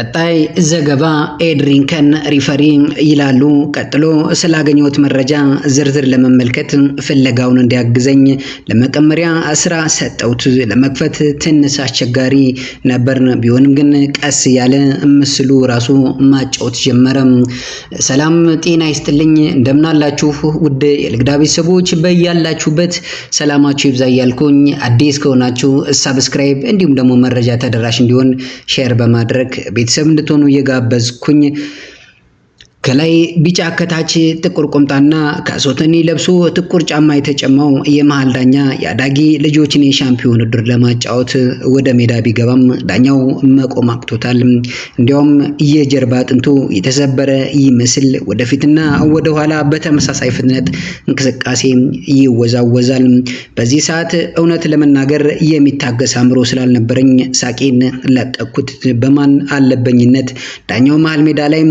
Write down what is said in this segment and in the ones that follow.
ቀጣይ ዘገባ ኤድሪንከን ሪፈሪ ይላሉ። ቀጥሎ ስላገኘሁት መረጃ ዝርዝር ለመመልከት ፍለጋውን እንዲያግዘኝ ለመቀመሪያ ስራ ሰጠውት። ለመክፈት ትንስ አስቸጋሪ ነበር፣ ቢሆንም ግን ቀስ ያለ ምስሉ ራሱ ማጫወት ጀመረ። ሰላም ጤና ይስጥልኝ፣ እንደምናላችሁ ውድ የልግዳ ቤተሰቦች በያላችሁበት ሰላማችሁ ይብዛ እያልኩኝ አዲስ ከሆናችሁ ሳብስክራይብ እንዲሁም ደግሞ መረጃ ተደራሽ እንዲሆን ሼር በማድረግ ቤተሰብ እንድትሆኑ እየጋበዝኩኝ ከላይ ቢጫ ከታች ጥቁር ቁምጣና ከሶተኒ ለብሶ ጥቁር ጫማ የተጨማው የመሃል ዳኛ የአዳጊ ልጆችን የሻምፒዮን ውድድር ለማጫወት ወደ ሜዳ ቢገባም ዳኛው መቆም አቅቶታል። እንዲያውም የጀርባ አጥንቱ የተሰበረ ይመስል ወደፊትና ወደኋላ በተመሳሳይ ፍጥነት እንቅስቃሴ ይወዛወዛል። በዚህ ሰዓት እውነት ለመናገር የሚታገስ አእምሮ ስላልነበረኝ ሳቄን ለቀኩት። በማን አለበኝነት ዳኛው መሃል ሜዳ ላይ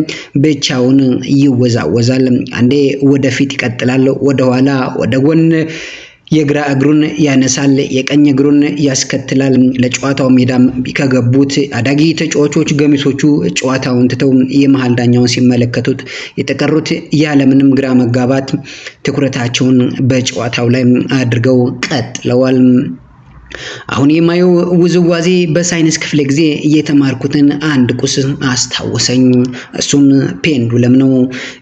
ብቻውን ይወዛወዛል። አንዴ ወደፊት ይቀጥላል፣ ወደኋላ፣ ወደ ጎን የግራ እግሩን ያነሳል፣ የቀኝ እግሩን ያስከትላል። ለጨዋታው ሜዳም ከገቡት አዳጊ ተጫዋቾች ገሚሶቹ ጨዋታውን ትተው የመሃል ዳኛውን ሲመለከቱት፣ የተቀሩት ያለምንም ግራ መጋባት ትኩረታቸውን በጨዋታው ላይ አድርገው ቀጥለዋል። አሁን የማየው ውዝዋዜ በሳይንስ ክፍለ ጊዜ እየተማርኩትን አንድ ቁስ አስታወሰኝ። እሱም ፔንዱለም ነው።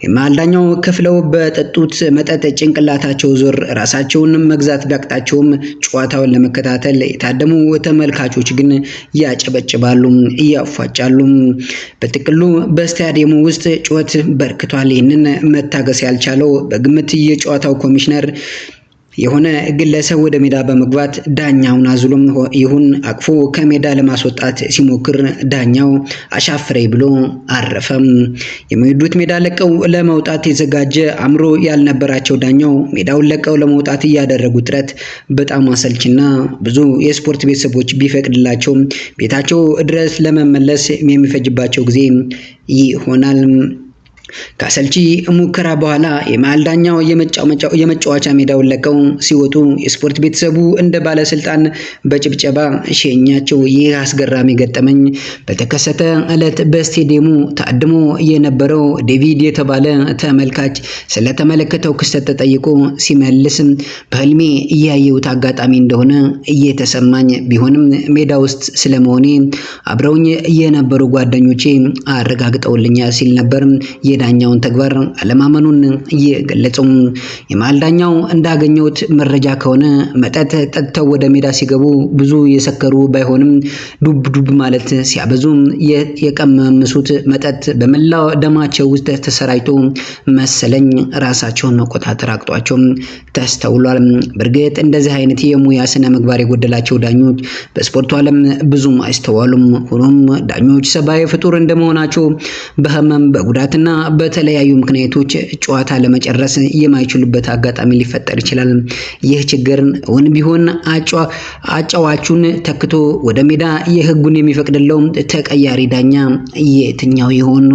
የማልዳኛው ክፍለው በጠጡት መጠጥ ጭንቅላታቸው ዞር ራሳቸውን መግዛት ቢያቅጣቸውም ጨዋታውን ለመከታተል የታደሙ ተመልካቾች ግን ያጨበጭባሉ፣ እያፏጫሉ። በጥቅሉ በስታዲየሙ ውስጥ ጩኸት በርክቷል። ይህንን መታገስ ያልቻለው በግምት የጨዋታው ኮሚሽነር የሆነ ግለሰብ ወደ ሜዳ በመግባት ዳኛውን አዝሎም ይሁን አቅፎ ከሜዳ ለማስወጣት ሲሞክር ዳኛው አሻፍረኝ ብሎ አረፈም። የሚወዱት ሜዳ ለቀው ለመውጣት የዘጋጀ አእምሮ ያልነበራቸው ዳኛው ሜዳውን ለቀው ለመውጣት እያደረጉ ጥረት በጣም አሰልችና ብዙ የስፖርት ቤተሰቦች ቢፈቅድላቸው ቤታቸው ድረስ ለመመለስ የሚፈጅባቸው ጊዜ ይሆናል። ከአሰልቺ ሙከራ በኋላ የመሃል ዳኛው የመጫወቻ ሜዳውን ለቀው ሲወጡ የስፖርት ቤተሰቡ እንደ ባለስልጣን በጭብጨባ ሸኛቸው። ይህ አስገራሚ ገጠመኝ በተከሰተ ዕለት በስቴዲየሙ ታድሞ የነበረው ዴቪድ የተባለ ተመልካች ስለተመለከተው ክስተት ተጠይቆ ሲመልስ በህልሜ እያየሁት አጋጣሚ እንደሆነ እየተሰማኝ ቢሆንም ሜዳ ውስጥ ስለመሆኔ አብረውኝ የነበሩ ጓደኞቼ አረጋግጠውልኛ ሲል ነበር። የዳኛውን ተግባር አለማመኑን እየገለጹም የመሃል ዳኛው እንዳገኘሁት መረጃ ከሆነ መጠጥ ጠጥተው ወደ ሜዳ ሲገቡ ብዙ የሰከሩ ባይሆንም ዱብ ዱብ ማለት ሲያበዙ የቀመምሱት መጠጥ በመላው ደማቸው ውስጥ ተሰራጭቶ መሰለኝ ራሳቸውን መቆጣጠር አቅጧቸው ተስተውሏል። በእርግጥ እንደዚህ አይነት የሙያ ስነ ምግባር የጎደላቸው ዳኞች በስፖርቱ ዓለም ብዙም አይስተዋሉም። ሆኖም ዳኞች ሰብአዊ ፍጡር እንደመሆናቸው በህመም በጉዳትና በተለያዩ ምክንያቶች ጨዋታ ለመጨረስ የማይችሉበት አጋጣሚ ሊፈጠር ይችላል። ይህ ችግርን እውን ቢሆን አጫዋቹን ተክቶ ወደ ሜዳ የህጉን የሚፈቅድለው ተቀያሪ ዳኛ የትኛው ይሆኑ?